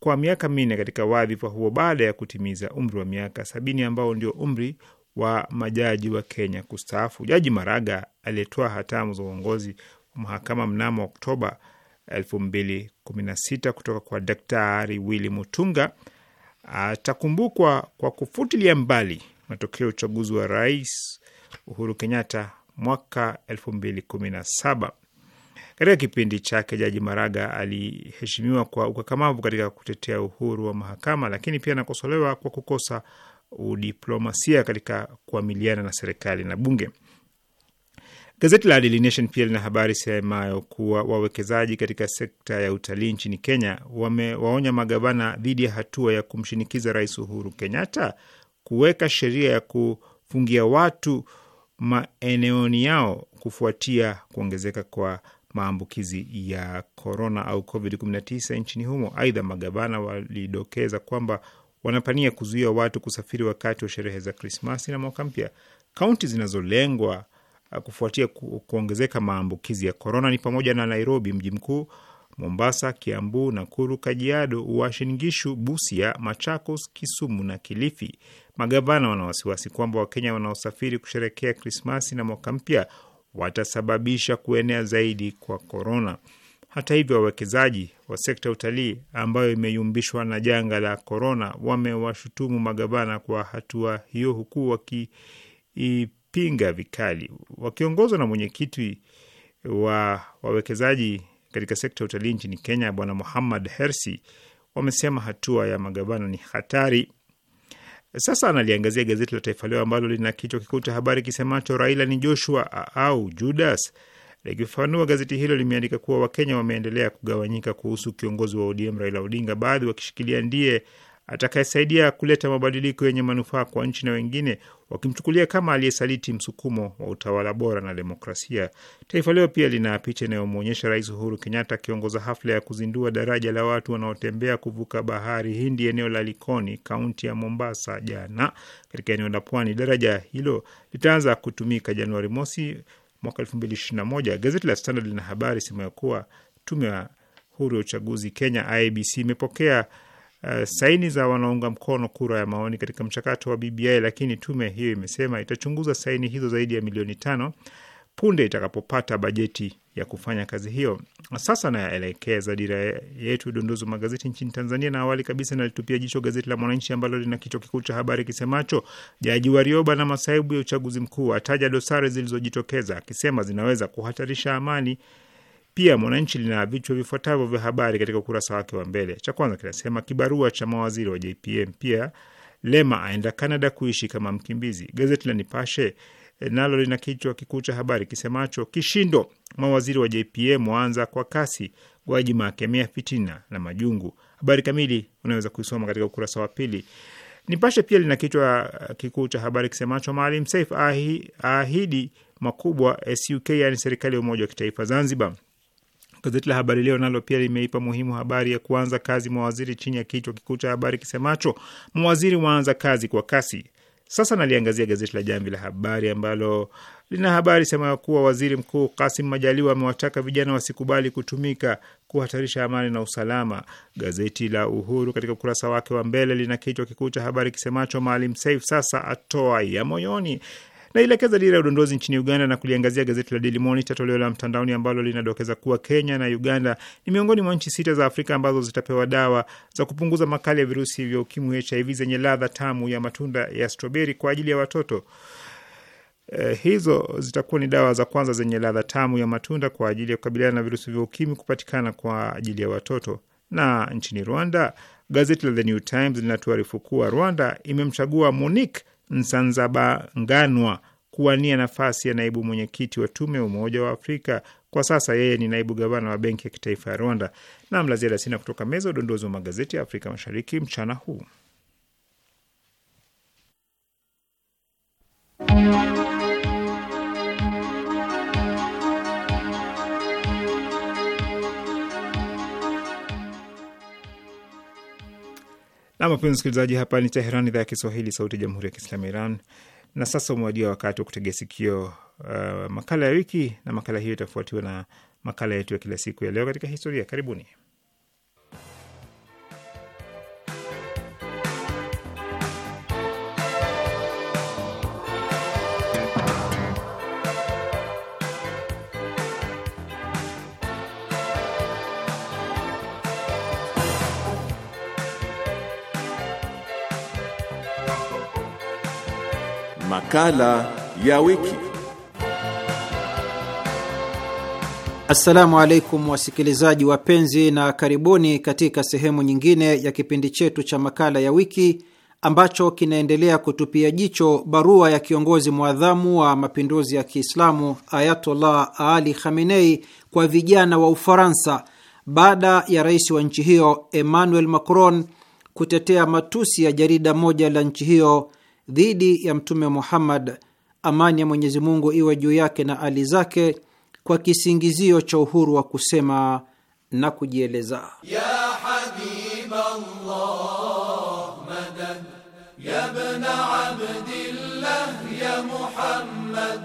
kwa miaka minne katika wadhifa huo baada ya kutimiza umri wa miaka sabini ambao ndio umri wa majaji wa Kenya kustaafu. Jaji Maraga aliyetoa hatamu za uongozi wa mahakama mnamo Oktoba 2016 kutoka kwa Daktari Willy Mutunga atakumbukwa kwa kufutilia mbali matokeo ya uchaguzi wa Rais Uhuru Kenyatta mwaka 2017. Katika kipindi chake Jaji Maraga aliheshimiwa kwa ukakamavu katika kutetea uhuru wa mahakama, lakini pia anakosolewa kwa kukosa udiplomasia katika kuamiliana na serikali na bunge. Gazeti la Daily Nation pia lina habari semayo kuwa wawekezaji katika sekta ya utalii nchini Kenya wamewaonya magavana dhidi ya hatua ya kumshinikiza Rais Uhuru Kenyatta kuweka sheria ya kufungia watu maeneoni yao kufuatia kuongezeka kwa maambukizi ya korona au COVID-19 nchini humo. Aidha, magavana walidokeza kwamba wanapania kuzuia watu kusafiri wakati wa sherehe za Krismasi na mwaka mpya. Kaunti zinazolengwa uh, kufuatia kuongezeka maambukizi ya korona ni pamoja na Nairobi, mji mkuu, Mombasa, Kiambu, Nakuru, Kajiado, Uasin Gishu, Busia, Machakos, Kisumu na Kilifi. Magavana wana wasiwasi kwamba Wakenya wanaosafiri kusherekea Krismasi na mwaka mpya watasababisha kuenea zaidi kwa korona. Hata hivyo, wawekezaji wa sekta ya utalii ambayo imeyumbishwa na janga la korona wamewashutumu magavana kwa hatua hiyo, huku wakiipinga vikali. Wakiongozwa na mwenyekiti wa wawekezaji katika sekta ya utalii nchini Kenya, Bwana Muhammad Hersi, wamesema hatua ya magavana ni hatari. Sasa analiangazia gazeti la Taifa Leo ambalo lina kichwa kikuu cha habari kisemacho Raila ni Joshua au Judas. Likifafanua, gazeti hilo limeandika kuwa Wakenya wameendelea kugawanyika kuhusu kiongozi wa ODM Raila Odinga, baadhi wakishikilia ndiye atakayesaidia kuleta mabadiliko yenye manufaa kwa nchi na wengine wakimchukulia kama aliyesaliti msukumo wa utawala bora na demokrasia. Taifa Leo pia lina picha inayomwonyesha Rais Uhuru Kenyatta akiongoza hafla ya kuzindua daraja la watu wanaotembea kuvuka bahari Hindi eneo la Likoni, kaunti ya Mombasa jana katika eneo la pwani. Daraja hilo litaanza kutumika Januari mosi mwaka moja. Gazeti la Standard lina habari ya kuwa tume ya huru ya uchaguzi Kenya IBC e imepokea uh, saini za wanaunga mkono kura ya maoni katika mchakato wa BBI, lakini tume hiyo imesema itachunguza saini hizo zaidi ya milioni tano punde itakapopata bajeti ya kufanya kazi hiyo. Sasa nayaelekeza dira yetu udondozi wa magazeti nchini Tanzania, na awali kabisa nalitupia jicho gazeti la Mwananchi ambalo lina kichwa kikuu cha habari kisemacho Jaji Warioba na masaibu ya uchaguzi mkuu, ataja dosari zilizojitokeza akisema zinaweza kuhatarisha amani. Pia Mwananchi lina vichwa vifuatavyo vya habari katika ukurasa wake wa mbele. Cha kwanza kinasema kibarua cha mawaziri wa JPM, pia Lema aenda Canada kuishi kama mkimbizi. Gazeti la Nipashe E, nalo lina kichwa kikuu cha habari kisemacho kishindo, mawaziri wa JPM waanza kwa kasi, Gwajima akemea fitina na majungu. Habari kamili unaweza kuisoma katika ukurasa wa pili. Nipashe pia lina kichwa uh, kikuu cha habari kisemacho Maalim Seif aahidi makubwa SUK, yani serikali ya umoja wa kitaifa Zanzibar. Gazeti la Habari Leo nalo pia limeipa muhimu habari ya kuanza kazi mawaziri chini ya kichwa kikuu cha habari kisemacho mawaziri waanza kazi kwa kasi. Sasa naliangazia gazeti la Jamvi la Habari ambalo lina habari sema kuwa waziri mkuu Kasim Majaliwa amewataka vijana wasikubali kutumika kuhatarisha amani na usalama. Gazeti la Uhuru katika ukurasa wake wa mbele lina kichwa kikuu cha habari kisemacho Maalim Seif sasa atoa ya moyoni. Naielekeza dira ya udondozi nchini Uganda na kuliangazia gazeti la Daily Monitor toleo la mtandaoni ambalo linadokeza kuwa Kenya na Uganda ni miongoni mwa nchi sita za Afrika ambazo zitapewa dawa za kupunguza makali ya virusi vya ukimwi HIV zenye ladha tamu ya matunda ya stroberi kwa ajili ya watoto. Eh, hizo zitakuwa ni dawa za kwanza zenye ladha tamu ya matunda kwa ajili ya kukabiliana na virusi vya ukimwi kupatikana kwa ajili ya watoto. Na nchini Rwanda, gazeti la The New Times linatuarifu kuwa Rwanda imemchagua Monique Nsanzabaganwa kuwania nafasi ya naibu mwenyekiti wa tume ya Umoja wa Afrika. Kwa sasa yeye ni naibu gavana wa Benki ya Kitaifa ya Rwanda. Na la sina kutoka meza udondozi wa magazeti ya Afrika Mashariki mchana huu. Nam, wapenzi msikilizaji, hapa ni Teheran, idhaa ya Kiswahili, sauti ya jamhuri ya kiislamu ya Iran. Na sasa umewadia wakati wa kutegea sikio uh, makala ya wiki, na makala hiyo itafuatiwa na makala yetu ya kila siku ya leo katika historia. Karibuni. makala ya wiki. Assalamu alaikum wasikilizaji wapenzi, na karibuni katika sehemu nyingine ya kipindi chetu cha makala ya wiki ambacho kinaendelea kutupia jicho barua ya kiongozi mwadhamu wa mapinduzi ya Kiislamu Ayatollah Ali Khamenei kwa vijana wa Ufaransa baada ya rais wa nchi hiyo Emmanuel Macron kutetea matusi ya jarida moja la nchi hiyo dhidi ya Mtume Muhammad, amani ya Mwenyezi Mungu iwe juu yake na ali zake, kwa kisingizio cha uhuru wa kusema na kujieleza ya madan ya abdillah ya Muhammad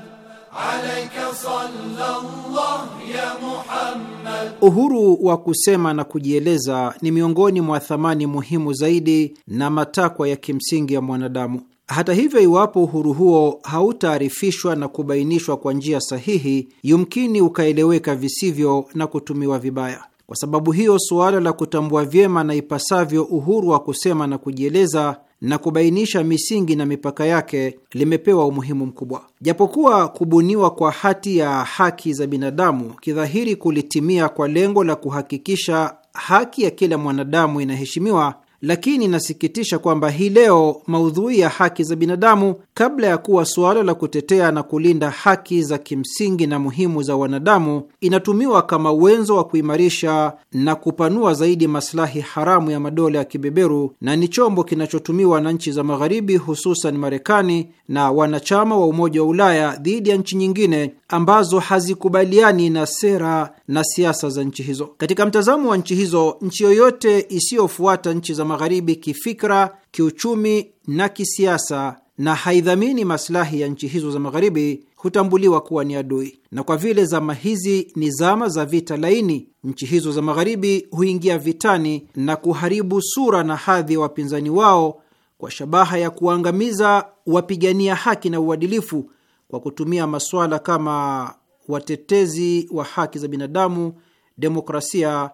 alayka sallallahu ya Muhammad. Uhuru wa kusema na kujieleza ni miongoni mwa thamani muhimu zaidi na matakwa ya kimsingi ya mwanadamu. Hata hivyo, iwapo uhuru huo hautaarifishwa na kubainishwa kwa njia sahihi, yumkini ukaeleweka visivyo na kutumiwa vibaya. Kwa sababu hiyo, suala la kutambua vyema na ipasavyo uhuru wa kusema na kujieleza na kubainisha misingi na mipaka yake limepewa umuhimu mkubwa. Japokuwa kubuniwa kwa hati ya haki za binadamu kidhahiri kulitimia kwa lengo la kuhakikisha haki ya kila mwanadamu inaheshimiwa, lakini inasikitisha kwamba hii leo maudhui ya haki za binadamu, kabla ya kuwa suala la kutetea na kulinda haki za kimsingi na muhimu za wanadamu, inatumiwa kama wenzo wa kuimarisha na kupanua zaidi masilahi haramu ya madola ya kibeberu na ni chombo kinachotumiwa na nchi za Magharibi, hususan Marekani na wanachama wa Umoja wa Ulaya dhidi ya nchi nyingine ambazo hazikubaliani na sera na siasa za nchi hizo. Katika mtazamo wa nchi hizo, nchi yoyote isiyofuata nchi za Magharibi kifikra, kiuchumi na kisiasa na haidhamini maslahi ya nchi hizo za Magharibi hutambuliwa kuwa ni adui. Na kwa vile zama hizi ni zama za vita laini, nchi hizo za Magharibi huingia vitani na kuharibu sura na hadhi ya wa wapinzani wao kwa shabaha ya kuangamiza wapigania haki na uadilifu kwa kutumia masuala kama watetezi wa haki za binadamu, demokrasia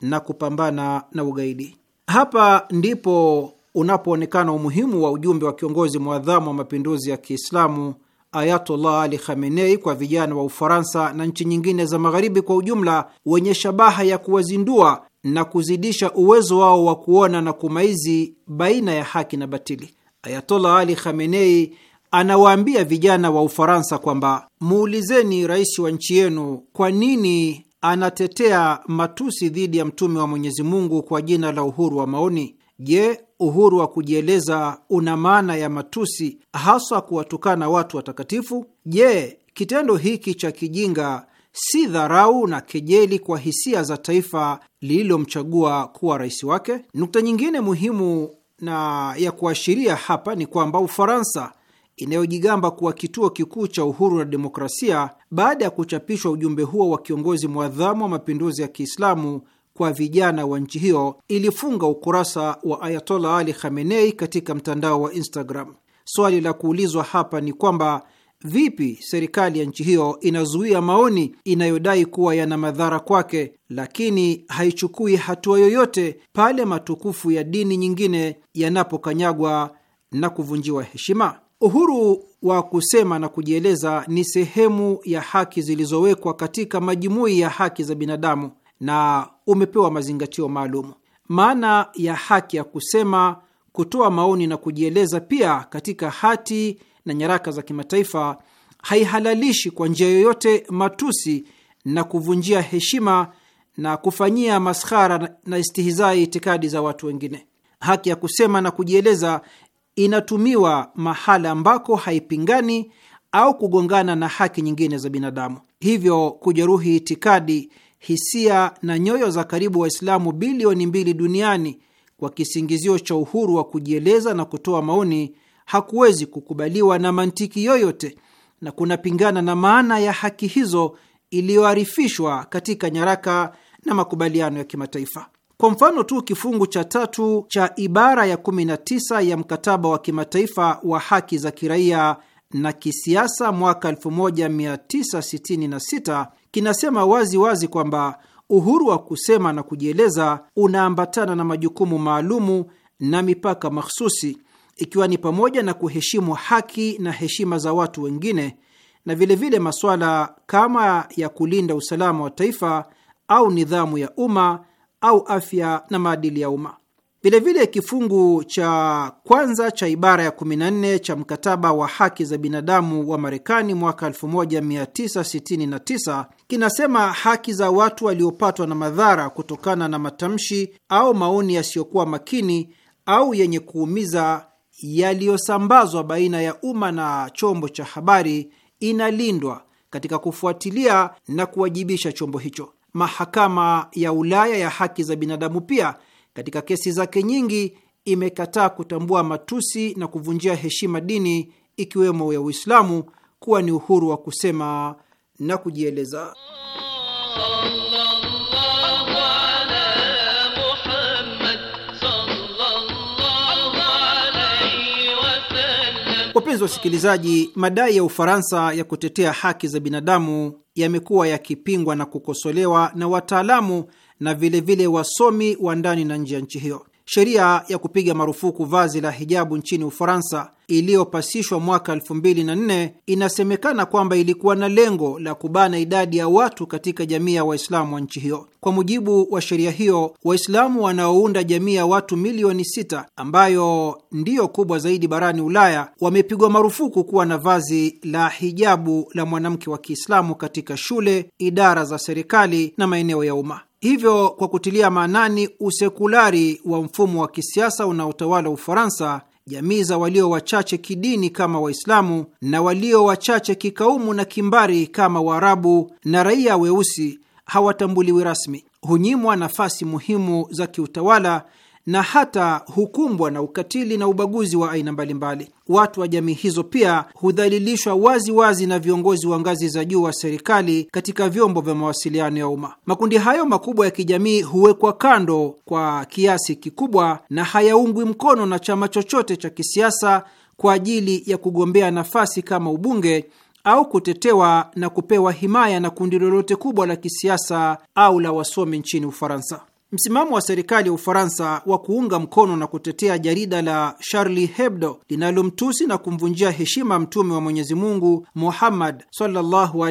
na kupambana na ugaidi. Hapa ndipo unapoonekana umuhimu wa ujumbe wa kiongozi mwadhamu wa mapinduzi ya Kiislamu Ayatollah Ali Khamenei kwa vijana wa Ufaransa na nchi nyingine za Magharibi kwa ujumla, wenye shabaha ya kuwazindua na kuzidisha uwezo wao wa kuona na kumaizi baina ya haki na batili. Ayatollah Ali Khamenei anawaambia vijana wa Ufaransa kwamba muulizeni rais wa nchi yenu kwa nini anatetea matusi dhidi ya mtume wa Mwenyezi Mungu kwa jina la uhuru wa maoni. Je, uhuru wa kujieleza una maana ya matusi, haswa kuwatukana watu watakatifu? Je, kitendo hiki cha kijinga si dharau na kejeli kwa hisia za taifa lililomchagua kuwa rais wake? Nukta nyingine muhimu na ya kuashiria hapa ni kwamba Ufaransa inayojigamba kuwa kituo kikuu cha uhuru na demokrasia, baada ya kuchapishwa ujumbe huo wa kiongozi mwadhamu wa mapinduzi ya Kiislamu kwa vijana wa nchi hiyo, ilifunga ukurasa wa Ayatola Ali Khamenei katika mtandao wa Instagram. Swali la kuulizwa hapa ni kwamba vipi serikali ya nchi hiyo inazuia maoni inayodai kuwa yana madhara kwake, lakini haichukui hatua yoyote pale matukufu ya dini nyingine yanapokanyagwa na kuvunjiwa heshima? Uhuru wa kusema na kujieleza ni sehemu ya haki zilizowekwa katika majumui ya haki za binadamu na umepewa mazingatio maalum. Maana ya haki ya kusema, kutoa maoni na kujieleza, pia katika hati na nyaraka za kimataifa, haihalalishi kwa njia yoyote matusi na kuvunjia heshima na kufanyia maskhara na istihizai itikadi za watu wengine. Haki ya kusema na kujieleza inatumiwa mahala ambako haipingani au kugongana na haki nyingine za binadamu, hivyo kujeruhi itikadi, hisia na nyoyo za karibu Waislamu bilioni mbili duniani kwa kisingizio cha uhuru wa kujieleza na kutoa maoni hakuwezi kukubaliwa na mantiki yoyote na kunapingana na maana ya haki hizo iliyoarifishwa katika nyaraka na makubaliano ya kimataifa. Kwa mfano tu kifungu cha tatu cha ibara ya 19 ya mkataba wa kimataifa wa haki za kiraia na kisiasa mwaka 1966 kinasema wazi wazi kwamba uhuru wa kusema na kujieleza unaambatana na majukumu maalumu na mipaka mahsusi, ikiwa ni pamoja na kuheshimu haki na heshima za watu wengine na vilevile masuala kama ya kulinda usalama wa taifa au nidhamu ya umma au afya na maadili ya umma. Vilevile, kifungu cha kwanza cha ibara ya 14 cha mkataba wa haki za binadamu wa Marekani mwaka 1969 kinasema haki za watu waliopatwa na madhara kutokana na matamshi au maoni yasiyokuwa makini au yenye kuumiza yaliyosambazwa baina ya umma na chombo cha habari inalindwa katika kufuatilia na kuwajibisha chombo hicho mahakama ya Ulaya ya haki za binadamu pia katika kesi zake nyingi imekataa kutambua matusi na kuvunjia heshima dini ikiwemo ya Uislamu kuwa ni uhuru wa kusema na kujieleza. Wapenzi wa usikilizaji, madai ya Ufaransa ya kutetea haki za binadamu yamekuwa yakipingwa na kukosolewa na wataalamu na vilevile vile wasomi wa ndani na nje ya nchi hiyo. Sheria ya kupiga marufuku vazi la hijabu nchini Ufaransa iliyopasishwa mwaka 2004 inasemekana kwamba ilikuwa na lengo la kubana idadi ya watu katika jamii ya Waislamu wa nchi hiyo. Kwa mujibu wa sheria hiyo, Waislamu wanaounda jamii ya watu milioni sita ambayo ndiyo kubwa zaidi barani Ulaya wamepigwa marufuku kuwa na vazi la hijabu la mwanamke wa Kiislamu katika shule, idara za serikali na maeneo ya umma. Hivyo, kwa kutilia maanani usekulari wa mfumo wa kisiasa unaotawala Ufaransa, jamii za walio wachache kidini kama Waislamu na walio wachache kikaumu na kimbari kama Waarabu na raia weusi hawatambuliwi rasmi, hunyimwa nafasi muhimu za kiutawala na hata hukumbwa na ukatili na ubaguzi wa aina mbalimbali. Watu wa jamii hizo pia hudhalilishwa wazi wazi na viongozi wa ngazi za juu wa serikali katika vyombo vya mawasiliano ya umma. Makundi hayo makubwa ya kijamii huwekwa kando kwa kiasi kikubwa na hayaungwi mkono na chama chochote cha kisiasa kwa ajili ya kugombea nafasi kama ubunge au kutetewa na kupewa himaya na kundi lolote kubwa la kisiasa au la wasomi nchini Ufaransa. Msimamo wa serikali ya Ufaransa wa kuunga mkono na kutetea jarida la Charlie Hebdo linalomtusi na kumvunjia heshima mtume wa Mwenyezi Mungu Muhammad sallallahu wa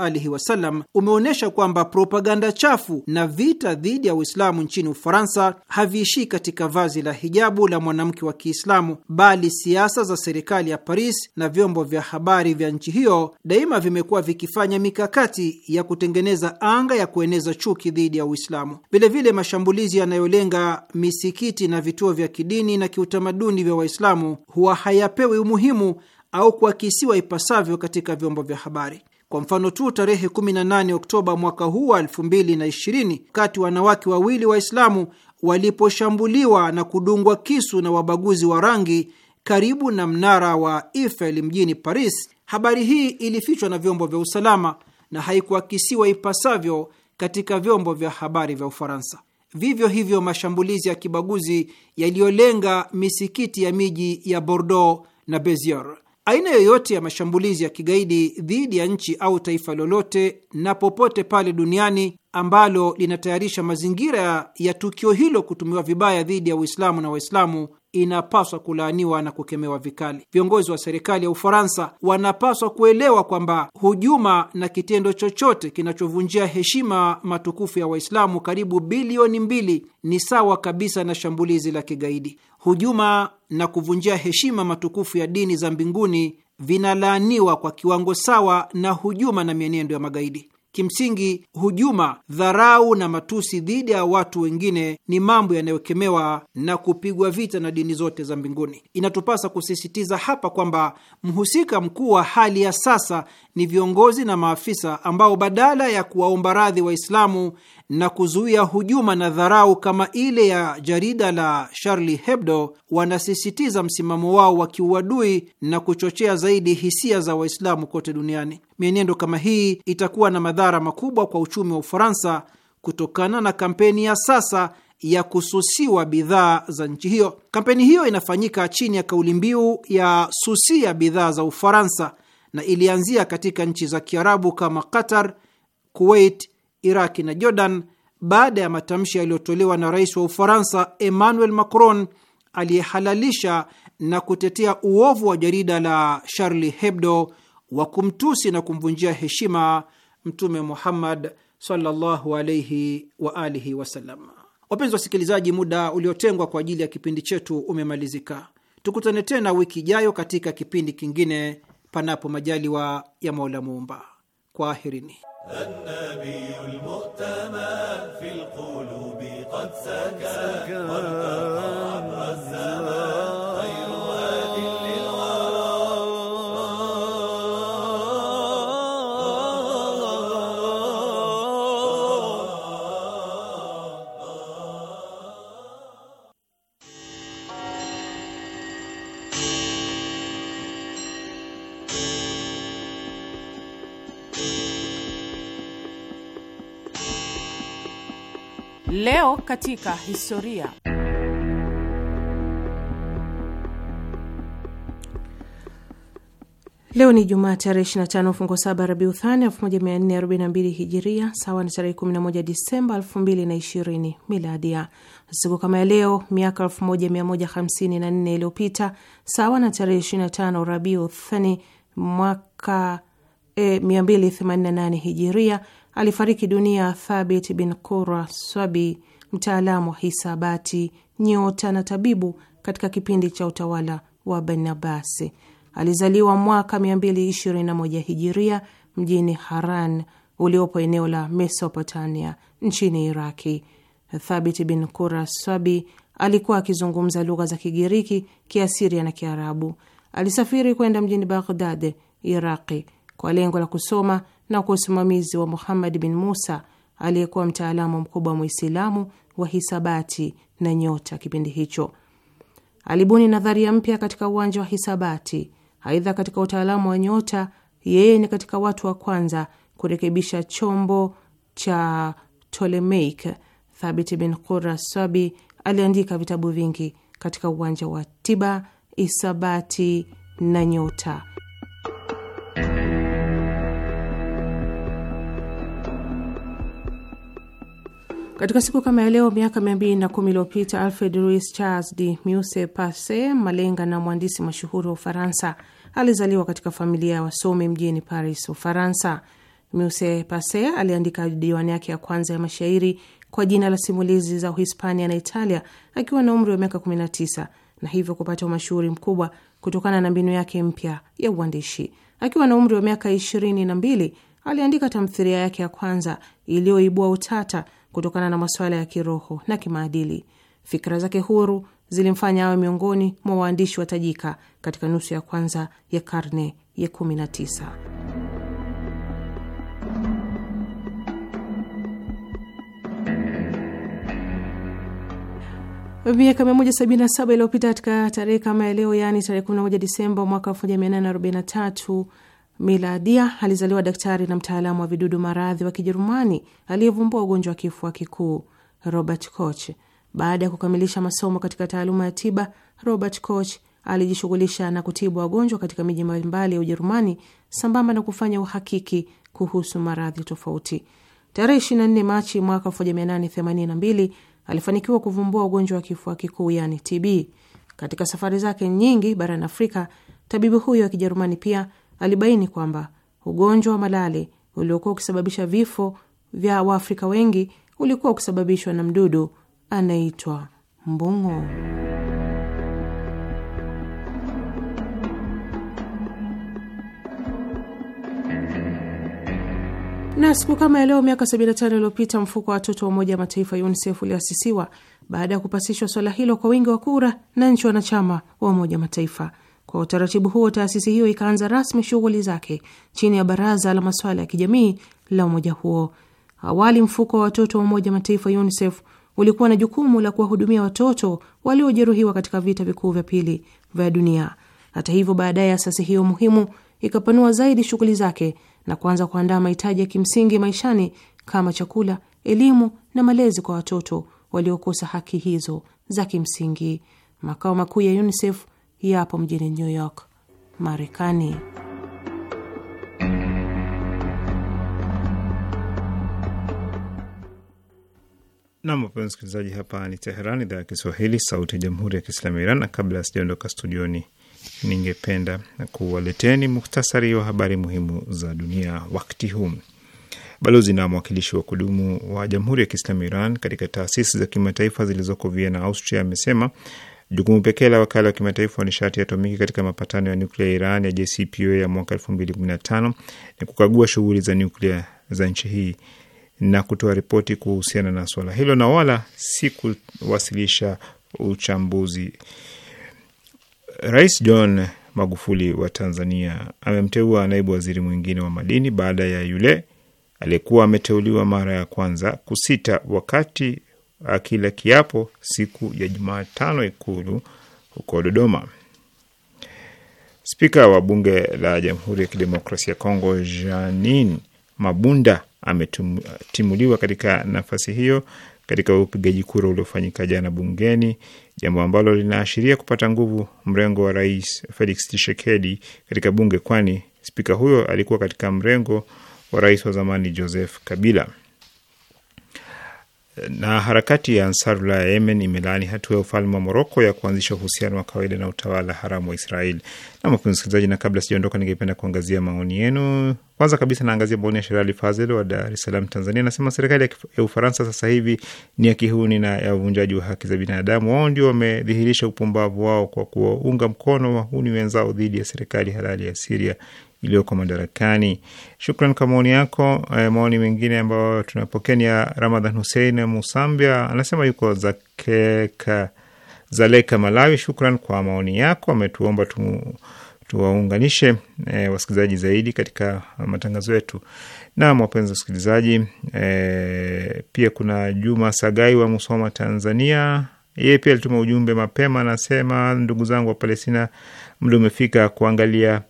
alihi wasallam umeonyesha kwamba propaganda chafu na vita dhidi ya Uislamu nchini Ufaransa haviishii katika vazi la hijabu la mwanamke wa Kiislamu, bali siasa za serikali ya Paris na vyombo vya habari vya nchi hiyo daima vimekuwa vikifanya mikakati ya kutengeneza anga ya kueneza chuki dhidi ya Uislamu. Vilevile mashambulizi yanayolenga misikiti na vituo vya kidini na kiutamaduni vya Waislamu huwa hayapewi umuhimu au kuakisiwa ipasavyo katika vyombo vya habari. Kwa mfano tu, tarehe 18 Oktoba mwaka huu wa 2020 wakati wanawake wawili Waislamu waliposhambuliwa na kudungwa kisu na wabaguzi wa rangi karibu na mnara wa Eiffel mjini Paris, habari hii ilifichwa na vyombo vya usalama na haikuakisiwa ipasavyo katika vyombo vya habari vya Ufaransa. Vivyo hivyo mashambulizi ya kibaguzi yaliyolenga misikiti ya miji ya Bordeaux na Bezier. Aina yoyote ya mashambulizi ya kigaidi dhidi ya nchi au taifa lolote na popote pale duniani ambalo linatayarisha mazingira ya tukio hilo kutumiwa vibaya dhidi ya Uislamu na Waislamu inapaswa kulaaniwa na kukemewa vikali. Viongozi wa serikali ya Ufaransa wanapaswa kuelewa kwamba hujuma na kitendo chochote kinachovunjia heshima matukufu ya Waislamu karibu bilioni mbili ni sawa kabisa na shambulizi la kigaidi. Hujuma na kuvunjia heshima matukufu ya dini za mbinguni vinalaaniwa kwa kiwango sawa na hujuma na mienendo ya magaidi. Kimsingi, hujuma, dharau na matusi dhidi ya watu wengine ni mambo yanayokemewa na kupigwa vita na dini zote za mbinguni. Inatupasa kusisitiza hapa kwamba mhusika mkuu wa hali ya sasa ni viongozi na maafisa ambao badala ya kuwaomba radhi Waislamu na kuzuia hujuma na dharau kama ile ya jarida la Charlie Hebdo, wanasisitiza msimamo wao wa kiuadui na kuchochea zaidi hisia za Waislamu kote duniani. Mienendo kama hii itakuwa na madhara makubwa kwa uchumi wa Ufaransa kutokana na kampeni ya sasa ya kususiwa bidhaa za nchi hiyo. Kampeni hiyo inafanyika chini ya kauli mbiu ya susia bidhaa za Ufaransa na ilianzia katika nchi za Kiarabu kama Qatar, Kuwait, Iraki na Jordan baada ya matamshi yaliyotolewa na rais wa Ufaransa Emmanuel Macron aliyehalalisha na kutetea uovu wa jarida la Charlie Hebdo wa kumtusi na kumvunjia heshima Mtume Muhammad sallallahu wa alihi wasallam. Wapenzi wasikilizaji, muda uliotengwa kwa ajili ya kipindi chetu umemalizika. Tukutane tena wiki ijayo katika kipindi kingine, panapo majaliwa ya Mola Muumba. الطاهرين النبي المؤتمن في القلوب قد سكن وارتقى عبر الزمان Leo katika historia. Leo ni Jumaa tarehe 25 fungo 7 Rabiu Thani 1442 Hijiria, sawa na tarehe 11 Disemba 2020 Miladia. Siku kama ya leo miaka 1154 iliyopita, sawa na tarehe 25 Rabiu Thani mwaka eh, e, 288 Hijiria, alifariki dunia Thabit bin Qura Swabi, mtaalamu wa hisabati, nyota na tabibu katika kipindi cha utawala wa Bani Abbas. Alizaliwa mwaka 221 hijiria mjini Haran uliopo eneo la Mesopotamia nchini Iraki. Thabit bin Qura Swabi alikuwa akizungumza lugha za Kigiriki, Kiasiria na Kiarabu. Alisafiri kwenda mjini Baghdad, Iraqi, kwa lengo la kusoma na kwa usimamizi wa Muhammad bin Musa aliyekuwa mtaalamu mkubwa Mwislamu wa hisabati na nyota kipindi hicho. Alibuni nadharia mpya katika uwanja wa hisabati. Aidha, katika utaalamu wa nyota, yeye ni katika watu wa kwanza kurekebisha chombo cha Ptolemaic. Thabit bin Qura Sabi aliandika vitabu vingi katika uwanja wa tiba, hisabati na nyota. Katika siku kama ya leo miaka mia mbili na kumi iliyopita Alfred Louis Charles de Muse Passe, malenga na mwandisi mashuhuri wa Ufaransa, alizaliwa katika familia ya wasomi mjini Paris, Ufaransa. Muse Passe aliandika diwani yake ya kwanza ya mashairi kwa jina la Simulizi za Uhispania na Italia akiwa na umri wa miaka 19 na hivyo kupata umashuhuri mkubwa kutokana na mbinu yake mpya ya uandishi. Akiwa na umri wa miaka ishirini na mbili aliandika tamthiria yake ya kwanza iliyoibua utata kutokana na masuala ya kiroho na kimaadili. Fikra zake huru zilimfanya awe miongoni mwa waandishi wa tajika katika nusu ya kwanza ya karne ya 19. Miaka 177 iliyopita katika tarehe kama ya leo, yaani tarehe 11 Disemba mwaka 1843 miladia alizaliwa daktari na mtaalamu wa vidudu maradhi wa Kijerumani aliyevumbua ugonjwa wa kifua kikuu Robert Koch. Baada ya kukamilisha masomo katika taaluma ya tiba, Robert Koch alijishughulisha na kutibu wagonjwa katika miji mbalimbali ya Ujerumani sambamba na kufanya uhakiki kuhusu maradhi tofauti. Tarehe 24 Machi mwaka 1882 alifanikiwa kuvumbua ugonjwa wa kifua kikuu yani TB. Katika safari zake nyingi barani Afrika, tabibu huyo wa Kijerumani pia alibaini kwamba ugonjwa wa malale uliokuwa ukisababisha vifo vya Waafrika wengi ulikuwa ukisababishwa na mdudu anaitwa mbung'o. Na siku kama ya leo miaka 75 iliyopita mfuko wa watoto wa Umoja wa Mataifa UNICEF uliasisiwa baada ya kupasishwa swala hilo kwa wingi wa kura na nchi wanachama wa Umoja wa Mataifa. Kwa utaratibu huo, taasisi hiyo ikaanza rasmi shughuli zake chini ya baraza la masuala ya kijamii la umoja huo. Awali, mfuko wa watoto wa Umoja Mataifa UNICEF ulikuwa na jukumu la kuwahudumia watoto waliojeruhiwa katika vita vikuu vya pili vya dunia. Hata hivyo, baadaye asasi hiyo muhimu ikapanua zaidi shughuli zake na kuanza kuandaa mahitaji ya kimsingi maishani kama chakula, elimu na malezi kwa watoto waliokosa haki hizo za kimsingi. Makao makuu ya UNICEF yapo mjini New York, Marekani. Nam, wapenzi msikilizaji, hapa ni Teheran, idhaa ya Kiswahili, sauti ya jamhuri ya kiislamu ya Iran. Na kabla ya sijaondoka studioni, ningependa kuwaleteni muktasari wa habari muhimu za dunia wakti huu. Balozi na mwakilishi wa kudumu wa jamhuri ya kiislamu ya Iran katika taasisi za kimataifa zilizoko Vienna, Austria, amesema Jukumu pekee la wakala wa kimataifa wa nishati ya atomiki katika mapatano ya nuklia ya Iran ya JCPOA ya mwaka 2015 ni kukagua shughuli za nuklia za nchi hii na kutoa ripoti kuhusiana na swala hilo na wala si kuwasilisha uchambuzi. Rais John Magufuli wa Tanzania amemteua naibu waziri mwingine wa madini baada ya yule aliyekuwa ameteuliwa mara ya kwanza kusita wakati akila kiapo siku ya Jumatano Ikulu huko Dodoma. Spika wa bunge la Jamhuri ya Kidemokrasia ya Kongo Janin Mabunda ametimuliwa katika nafasi hiyo katika upigaji kura uliofanyika jana bungeni, jambo ambalo linaashiria kupata nguvu mrengo wa Rais Felix Tshisekedi katika bunge, kwani spika huyo alikuwa katika mrengo wa rais wa zamani Joseph Kabila na harakati ya Ansarullah ya Yemen imelaani hatua ya ufalme wa Moroko ya kuanzisha uhusiano wa kawaida na utawala haramu wa Israeli. Na mpenzi msikilizaji, na kabla sijaondoka, ningependa kuangazia maoni yenu. Kwanza kabisa, naangazia maoni ya Sherali Fazel wa Dar es Salaam, Tanzania. Anasema serikali ya Ufaransa sasa hivi ni ya kihuni na ya uvunjaji wa haki za binadamu. Wao ndio wamedhihirisha upumbavu wao kwa kuwaunga mkono wahuni wenzao dhidi ya serikali halali ya Siria iliyoko madarakani. Shukran kwa maoni yako. E, Maoni mengine ambayo tunapokea ni ya Ramadhan Hussein Musambia, anasema yuko Zakeka, Zaleka, Malawi. Shukran kwa maoni yako, ametuomba tu tuwaunganishe e, wasikilizaji zaidi katika matangazo yetu. Na wapenzi wasikilizaji, e, pia kuna Juma Sagai wa Musoma, Tanzania. Yeye pia alituma ujumbe mapema, anasema ndugu zangu wa Palestina, muda umefika kuangalia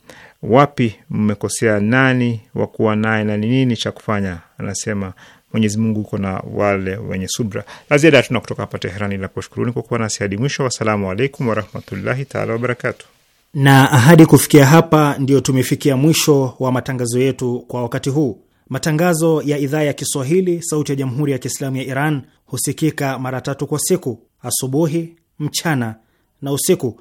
wapi mmekosea, nani wa kuwa naye na ni nini cha kufanya? Anasema Mwenyezi Mungu uko na wale wenye subra. La ziada hatuna kutoka hapa Teherani la kushukuruni kwa kuwa nasi hadi mwisho. Wassalamu alaikum warahmatullahi taala wabarakatu. Na ahadi kufikia hapa, ndiyo tumefikia mwisho wa matangazo yetu kwa wakati huu. Matangazo ya idhaa ya Kiswahili sauti ya jamhuri ya Kiislamu ya Iran husikika mara tatu kwa siku: asubuhi, mchana na usiku